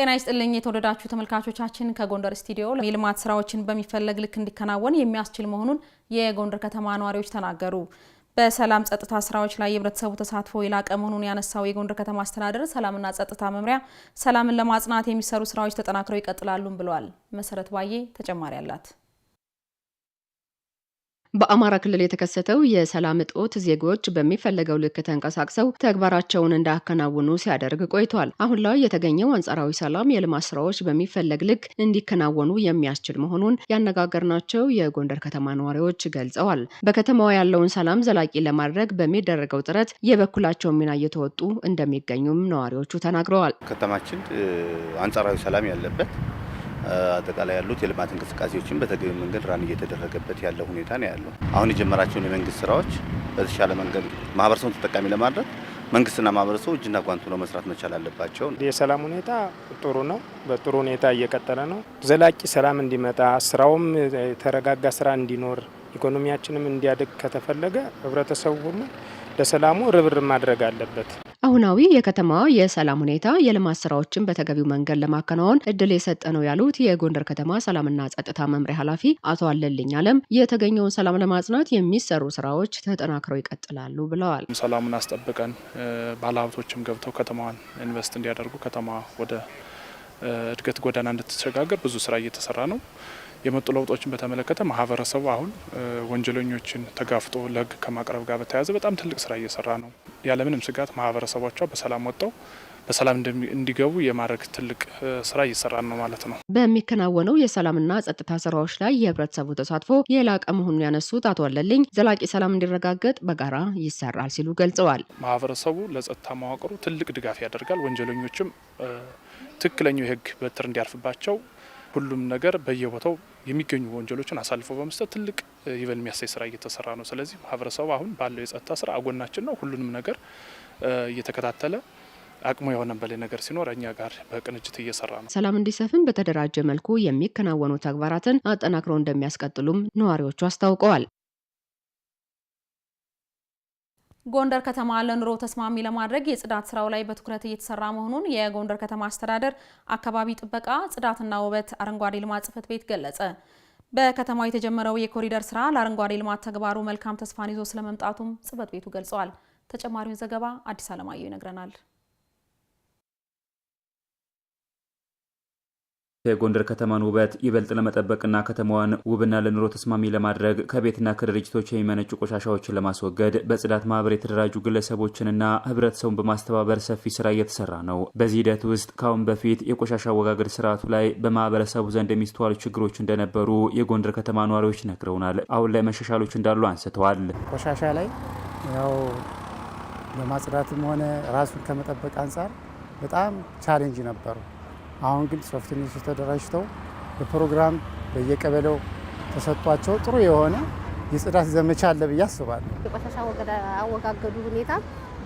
ጤና ይስጥልኝ የተወደዳችሁ ተመልካቾቻችን፣ ከጎንደር ስቱዲዮ የልማት ስራዎችን በሚፈለግ ልክ እንዲከናወን የሚያስችል መሆኑን የጎንደር ከተማ ነዋሪዎች ተናገሩ። በሰላም ጸጥታ ስራዎች ላይ የህብረተሰቡ ተሳትፎ የላቀ መሆኑን ያነሳው የጎንደር ከተማ አስተዳደር ሰላምና ጸጥታ መምሪያ ሰላምን ለማጽናት የሚሰሩ ስራዎች ተጠናክረው ይቀጥላሉም ብለዋል። መሰረት ባዬ ተጨማሪ አላት። በአማራ ክልል የተከሰተው የሰላም እጦት ዜጎች በሚፈለገው ልክ ተንቀሳቅሰው ተግባራቸውን እንዳያከናውኑ ሲያደርግ ቆይቷል። አሁን ላይ የተገኘው አንጻራዊ ሰላም የልማት ስራዎች በሚፈለግ ልክ እንዲከናወኑ የሚያስችል መሆኑን ያነጋገርናቸው የጎንደር ከተማ ነዋሪዎች ገልጸዋል። በከተማዋ ያለውን ሰላም ዘላቂ ለማድረግ በሚደረገው ጥረት የበኩላቸውን ሚና እየተወጡ እንደሚገኙም ነዋሪዎቹ ተናግረዋል። ከተማችን አንጻራዊ ሰላም ያለበት አጠቃላይ ያሉት የልማት እንቅስቃሴዎችን በተገቢ መንገድ ራን እየተደረገበት ያለ ሁኔታ ነው ያለው። አሁን የጀመራቸውን የመንግስት ስራዎች በተሻለ መንገድ ማህበረሰቡን ተጠቃሚ ለማድረግ መንግስትና ማህበረሰቡ እጅና ጓንቱ ነው መስራት መቻል አለባቸው። የሰላም ሁኔታ ጥሩ ነው፣ በጥሩ ሁኔታ እየቀጠለ ነው። ዘላቂ ሰላም እንዲመጣ ስራውም የተረጋጋ ስራ እንዲኖር ኢኮኖሚያችንም እንዲያድግ ከተፈለገ ህብረተሰቡ ሁሉ ለሰላሙ ርብርብ ማድረግ አለበት። አሁናዊ የከተማዋ የሰላም ሁኔታ የልማት ስራዎችን በተገቢው መንገድ ለማከናወን እድል የሰጠ ነው ያሉት የጎንደር ከተማ ሰላምና ጸጥታ መምሪያ ኃላፊ አቶ አለልኝ አለም የተገኘውን ሰላም ለማጽናት የሚሰሩ ስራዎች ተጠናክረው ይቀጥላሉ ብለዋል። ሰላሙን አስጠብቀን ባለሀብቶችም ገብተው ከተማዋን ኢንቨስት እንዲያደርጉ ከተማ ወደ እድገት ጎዳና እንድትሸጋገር ብዙ ስራ እየተሰራ ነው። የመጡ ለውጦችን በተመለከተ ማህበረሰቡ አሁን ወንጀለኞችን ተጋፍጦ ለህግ ከማቅረብ ጋር በተያያዘ በጣም ትልቅ ስራ እየሰራ ነው። ያለምንም ስጋት ማህበረሰቧቸው በሰላም ወጥተው በሰላም እንዲገቡ የማድረግ ትልቅ ስራ እየሰራ ነው ማለት ነው። በሚከናወነው የሰላምና ጸጥታ ስራዎች ላይ የህብረተሰቡ ተሳትፎ የላቀ መሆኑን ያነሱት አቶ አለልኝ ዘላቂ ሰላም እንዲረጋገጥ በጋራ ይሰራል ሲሉ ገልጸዋል። ማህበረሰቡ ለጸጥታ መዋቅሩ ትልቅ ድጋፍ ያደርጋል። ወንጀለኞችም ትክክለኛው የህግ በትር እንዲያርፍባቸው ሁሉም ነገር በየቦታው የሚገኙ ወንጀሎችን አሳልፎ በመስጠት ትልቅ ይበል የሚያሳይ ስራ እየተሰራ ነው። ስለዚህ ማህበረሰቡ አሁን ባለው የጸጥታ ስራ አጎናችን ነው። ሁሉንም ነገር እየተከታተለ አቅሙ የሆነ በላይ ነገር ሲኖር እኛ ጋር በቅንጅት እየሰራ ነው። ሰላም እንዲሰፍን በተደራጀ መልኩ የሚከናወኑ ተግባራትን አጠናክረው እንደሚያስቀጥሉም ነዋሪዎቹ አስታውቀዋል። ጎንደር ከተማ ለኑሮ ተስማሚ ለማድረግ የጽዳት ስራው ላይ በትኩረት እየተሰራ መሆኑን የጎንደር ከተማ አስተዳደር አካባቢ ጥበቃ ጽዳትና ውበት አረንጓዴ ልማት ጽህፈት ቤት ገለጸ። በከተማው የተጀመረው የኮሪደር ስራ ለአረንጓዴ ልማት ተግባሩ መልካም ተስፋን ይዞ ስለመምጣቱም ጽፈት ቤቱ ገልጸዋል። ተጨማሪውን ዘገባ አዲስ አለማየሁ ይነግረናል። የጎንደር ከተማን ውበት ይበልጥ ለመጠበቅና ከተማዋን ውብና ለኑሮ ተስማሚ ለማድረግ ከቤትና ከድርጅቶች የሚመነጩ ቆሻሻዎችን ለማስወገድ በጽዳት ማህበር የተደራጁ ግለሰቦችንና ህብረተሰቡን በማስተባበር ሰፊ ስራ እየተሰራ ነው። በዚህ ሂደት ውስጥ ከአሁን በፊት የቆሻሻ አወጋገድ ስርዓቱ ላይ በማህበረሰቡ ዘንድ የሚስተዋሉ ችግሮች እንደነበሩ የጎንደር ከተማ ነዋሪዎች ነግረውናል። አሁን ላይ መሻሻሎች እንዳሉ አንስተዋል። ቆሻሻ ላይ ያው በማጽዳትም ሆነ ራሱን ከመጠበቅ አንጻር በጣም ቻሌንጅ ነበረው። አሁን ግን ሶፍትኒሱ ተደራጅተው በፕሮግራም በየቀበሌው ተሰጥቷቸው ጥሩ የሆነ የጽዳት ዘመቻ አለ ብዬ አስባለሁ። የቆሻሻ አወጋገዱ ሁኔታ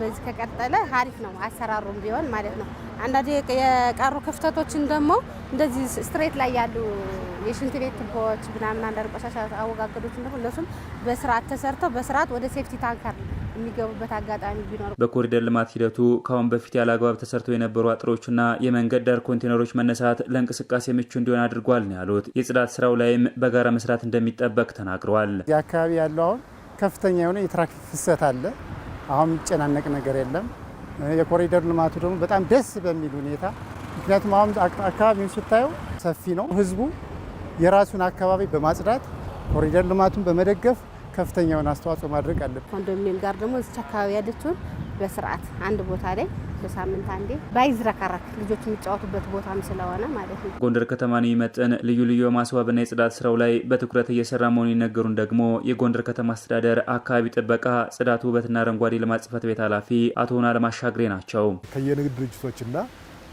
በዚህ ከቀጠለ ሀሪፍ ነው፣ አሰራሩም ቢሆን ማለት ነው። አንዳንድ የቀሩ ክፍተቶችን ደግሞ እንደዚህ ስትሬት ላይ ያሉ የሽንት ቤት ቱቦዎች ምናምን አንዳንድ ቆሻሻ አወጋገዶችን ደግሞ እነሱም በስርዓት ተሰርተው በስርዓት ወደ ሴፍቲ ታንከር የሚገቡበት አጋጣሚ ቢኖር በኮሪደር ልማት ሂደቱ ከአሁን በፊት ያለ አግባብ ተሰርተው የነበሩ አጥሮችና የመንገድ ዳር ኮንቴነሮች መነሳት ለእንቅስቃሴ ምቹ እንዲሆን አድርጓል ነው ያሉት። የጽዳት ስራው ላይም በጋራ መስራት እንደሚጠበቅ ተናግረዋል። እዚህ አካባቢ ያለው አሁን ከፍተኛ የሆነ የትራፊክ ፍሰት አለ። አሁን የሚጨናነቅ ነገር የለም። የኮሪደር ልማቱ ደግሞ በጣም ደስ በሚል ሁኔታ ምክንያቱም አሁን አካባቢውን ስታየው ሰፊ ነው። ህዝቡ የራሱን አካባቢ በማጽዳት ኮሪደር ልማቱን በመደገፍ ከፍተኛውን አስተዋጽኦ ማድረግ አለብን። ኮንዶሚኒየም ጋር ደግሞ እዚች አካባቢ ያለችውን በስርዓት አንድ ቦታ ላይ በሳምንት አንዴ ባይዝረከረክ ልጆች የሚጫወቱበት ቦታም ስለሆነ ማለት ነው። ጎንደር ከተማን የሚመጥን ልዩ ልዩ የማስዋብና የጽዳት ስራው ላይ በትኩረት እየሰራ መሆኑ ይነገሩን ደግሞ የጎንደር ከተማ አስተዳደር አካባቢ ጥበቃ፣ ጽዳት፣ ውበትና አረንጓዴ ልማት ጽሕፈት ቤት ኃላፊ አቶ ሆና ለማሻግሬ ናቸው። ከየንግድ ድርጅቶችና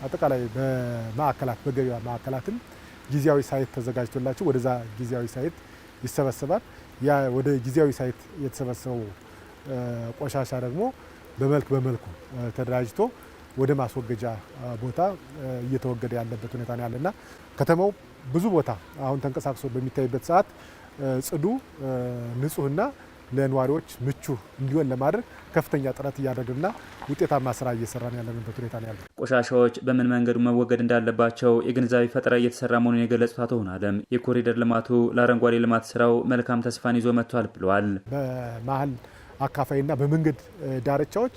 አጠቃላይ በማዕከላት በገበያ ማዕከላትም ጊዜያዊ ሳይት ተዘጋጅቶላቸው ወደዛ ጊዜያዊ ሳይት ይሰበሰባል። ያ ወደ ጊዜያዊ ሳይት የተሰበሰበው ቆሻሻ ደግሞ በመልክ በመልኩ ተደራጅቶ ወደ ማስወገጃ ቦታ እየተወገደ ያለበት ሁኔታ ነው ያለና ከተማው ብዙ ቦታ አሁን ተንቀሳቅሶ በሚታይበት ሰዓት ጽዱ ንጹህና ለነዋሪዎች ምቹ እንዲሆን ለማድረግ ከፍተኛ ጥረት እያደረግና ውጤታማ ስራ እየሰራን ያለንበት ሁኔታ ነው ያለ። ቆሻሻዎች በምን መንገዱ መወገድ እንዳለባቸው የግንዛቤ ፈጠራ እየተሰራ መሆኑን የገለጹት አቶ ሁናለም የኮሪደር ልማቱ ለአረንጓዴ ልማት ስራው መልካም ተስፋን ይዞ መጥቷል ብለዋል። በመሀል አካፋይና በመንገድ ዳርቻዎች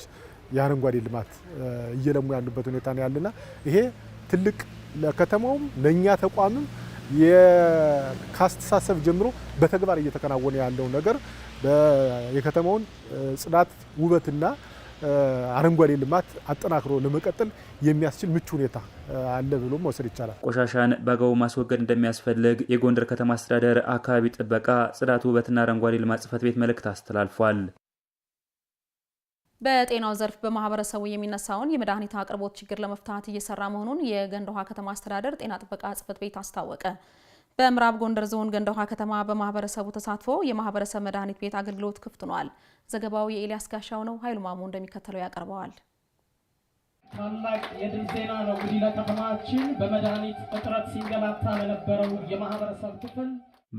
የአረንጓዴ ልማት እየለሙ ያሉበት ሁኔታ ነው ያለና ይሄ ትልቅ ለከተማውም ለእኛ ተቋምም ከአስተሳሰብ ጀምሮ በተግባር እየተከናወነ ያለው ነገር የከተማውን ጽዳት ውበትና አረንጓዴ ልማት አጠናክሮ ለመቀጠል የሚያስችል ምቹ ሁኔታ አለ ብሎ መውሰድ ይቻላል። ቆሻሻን በአግባቡ ማስወገድ እንደሚያስፈልግ የጎንደር ከተማ አስተዳደር አካባቢ ጥበቃ፣ ጽዳት፣ ውበትና አረንጓዴ ልማት ጽሕፈት ቤት መልእክት አስተላልፏል። በጤናው ዘርፍ በማህበረሰቡ የሚነሳውን የመድኃኒት አቅርቦት ችግር ለመፍታት እየሰራ መሆኑን የገንደ ውሃ ከተማ አስተዳደር ጤና ጥበቃ ጽሕፈት ቤት አስታወቀ። በምዕራብ ጎንደር ዞን ገንደ ውሃ ከተማ በማህበረሰቡ ተሳትፎ የማህበረሰብ መድኃኒት ቤት አገልግሎት ክፍት ሆኗል። ዘገባው የኤልያስ ጋሻው ነው። ኃይሉ ማሞ እንደሚከተለው ያቀርበዋል። ታላቅ የድል ዜና ነው። ጉዲለ ከተማችን በመድኃኒት እጥረት ሲንገላታ ለነበረው የማህበረሰብ ክፍል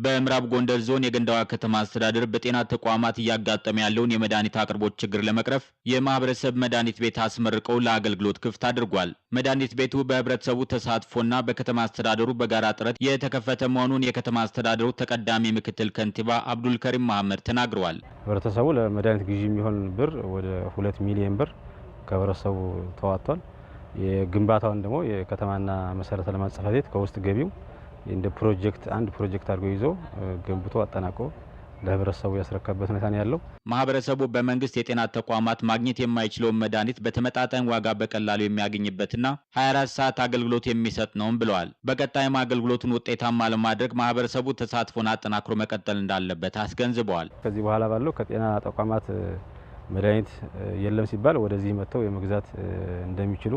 በምዕራብ ጎንደር ዞን የገንዳዋ ከተማ አስተዳደር በጤና ተቋማት እያጋጠመ ያለውን የመድኃኒት አቅርቦት ችግር ለመቅረፍ የማህበረሰብ መድኃኒት ቤት አስመርቀው ለአገልግሎት ክፍት አድርጓል። መድኃኒት ቤቱ በህብረተሰቡ ተሳትፎና በከተማ አስተዳደሩ በጋራ ጥረት የተከፈተ መሆኑን የከተማ አስተዳደሩ ተቀዳሚ ምክትል ከንቲባ አብዱልከሪም መሐመድ ተናግረዋል። ህብረተሰቡ ለመድኃኒት ግዢ የሚሆን ብር ወደ ሁለት ሚሊዮን ብር ከህብረተሰቡ ተዋጥቷል። የግንባታውን ደግሞ የከተማና መሰረተ ልማት ቤት ከውስጥ ገቢው እንደ ፕሮጀክት አንድ ፕሮጀክት አድርጎ ይዞ ገንብቶ አጠናቆ ለህብረተሰቡ ያስረካበት ሁኔታ ነው ያለው። ማህበረሰቡ በመንግስት የጤና ተቋማት ማግኘት የማይችለውን መድኃኒት በተመጣጣኝ ዋጋ በቀላሉ የሚያገኝበትና 24 ሰዓት አገልግሎት የሚሰጥ ነውም ብለዋል። በቀጣይም አገልግሎቱን ውጤታማ ለማድረግ ማህበረሰቡ ተሳትፎን አጠናክሮ መቀጠል እንዳለበት አስገንዝበዋል። ከዚህ በኋላ ባለው ከጤና ተቋማት መድኃኒት የለም ሲባል ወደዚህ መጥተው የመግዛት እንደሚችሉ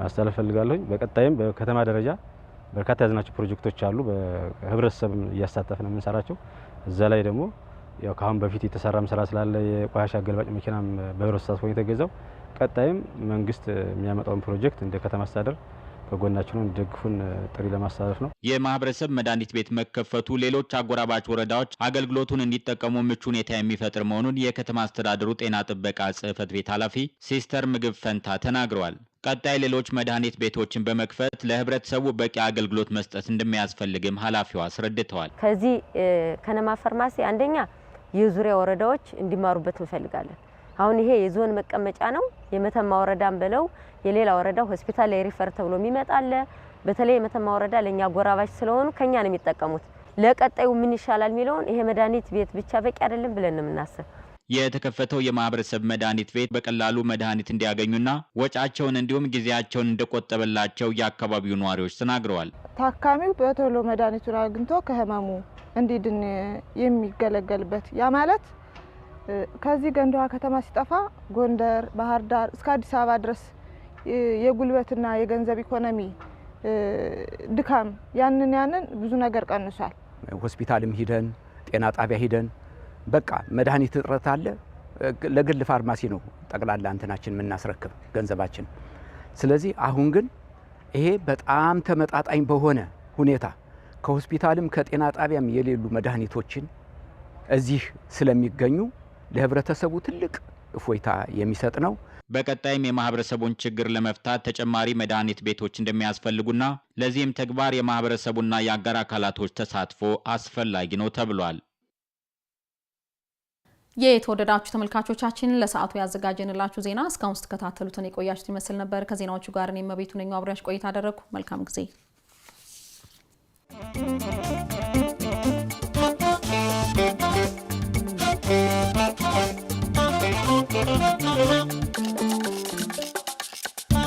ማስተላለፍ ፈልጋለሁኝ። በቀጣይም በከተማ ደረጃ በርካታ ያዝናቸው ፕሮጀክቶች አሉ። በህብረተሰብ ነው የምንሰራቸው እዛ ላይ ደግሞ ያው ከአሁን በፊት የተሰራም ስራ ስላለ የቆሻሻ አገልባጭ መኪናም በህብረተሰብ ተሳትፎ የተገዛው ቀጣይም መንግስት የሚያመጣውን ፕሮጀክት እንደ ከተማ አስተዳደር ከጎናችን እንዲደግፉን ጥሪ ለማስተላለፍ ነው። የማህበረሰብ መድኃኒት ቤት መከፈቱ ሌሎች አጎራባች ወረዳዎች አገልግሎቱን እንዲጠቀሙ ምቹ ሁኔታ የሚፈጥር መሆኑን የከተማ አስተዳደሩ ጤና ጥበቃ ጽህፈት ቤት ኃላፊ ሲስተር ምግብ ፈንታ ተናግረዋል። ቀጣይ ሌሎች መድኃኒት ቤቶችን በመክፈት ለህብረተሰቡ በቂ አገልግሎት መስጠት እንደሚያስፈልግም ኃላፊዋ አስረድተዋል። ከዚህ ከነማ ፋርማሲ አንደኛ የዙሪያ ወረዳዎች እንዲማሩበት እንፈልጋለን። አሁን ይሄ የዞን መቀመጫ ነው። የመተማ ወረዳን ብለው የሌላ ወረዳ ሆስፒታል ላይ ሪፈር ተብሎ አለ። በተለይ የመተማ ወረዳ ለእኛ ጎራባች ስለሆኑ ከኛ ነው የሚጠቀሙት። ለቀጣዩ ምን ይሻላል የሚለውን ይሄ መድኃኒት ቤት ብቻ በቂ አይደለም ብለን ነው የምናስብ። የተከፈተው የማህበረሰብ መድኃኒት ቤት በቀላሉ መድኃኒት እንዲያገኙና ወጫቸውን እንዲሁም ጊዜያቸውን እንደቆጠበላቸው የአካባቢው ነዋሪዎች ተናግረዋል። ታካሚው በቶሎ መድኃኒቱን አግኝቶ ከህመሙ እንዲድን የሚገለገልበት ያ ማለት ከዚህ ገንዳዋ ከተማ ሲጠፋ ጎንደር፣ ባህር ዳር እስከ አዲስ አበባ ድረስ የጉልበትና የገንዘብ ኢኮኖሚ ድካም ያንን ያንን ብዙ ነገር ቀንሷል። ሆስፒታልም ሂደን ጤና ጣቢያ ሂደን በቃ መድኃኒት እጥረት አለ። ለግል ፋርማሲ ነው ጠቅላላ እንትናችን የምናስረክብ ገንዘባችን። ስለዚህ አሁን ግን ይሄ በጣም ተመጣጣኝ በሆነ ሁኔታ ከሆስፒታልም ከጤና ጣቢያም የሌሉ መድኃኒቶችን እዚህ ስለሚገኙ ለህብረተሰቡ ትልቅ እፎይታ የሚሰጥ ነው። በቀጣይም የማህበረሰቡን ችግር ለመፍታት ተጨማሪ መድኃኒት ቤቶች እንደሚያስፈልጉና ለዚህም ተግባር የማህበረሰቡና የአጋር አካላቶች ተሳትፎ አስፈላጊ ነው ተብሏል። የተወደዳችሁ ተመልካቾቻችን ለሰዓቱ ያዘጋጀንላችሁ ዜና እስካሁን ስትከታተሉትን የቆያችሁት ይመስል ነበር። ከዜናዎቹ ጋር እኔ መቤቱ ነኛ አብሪያች ቆይታ አደረግኩ። መልካም ጊዜ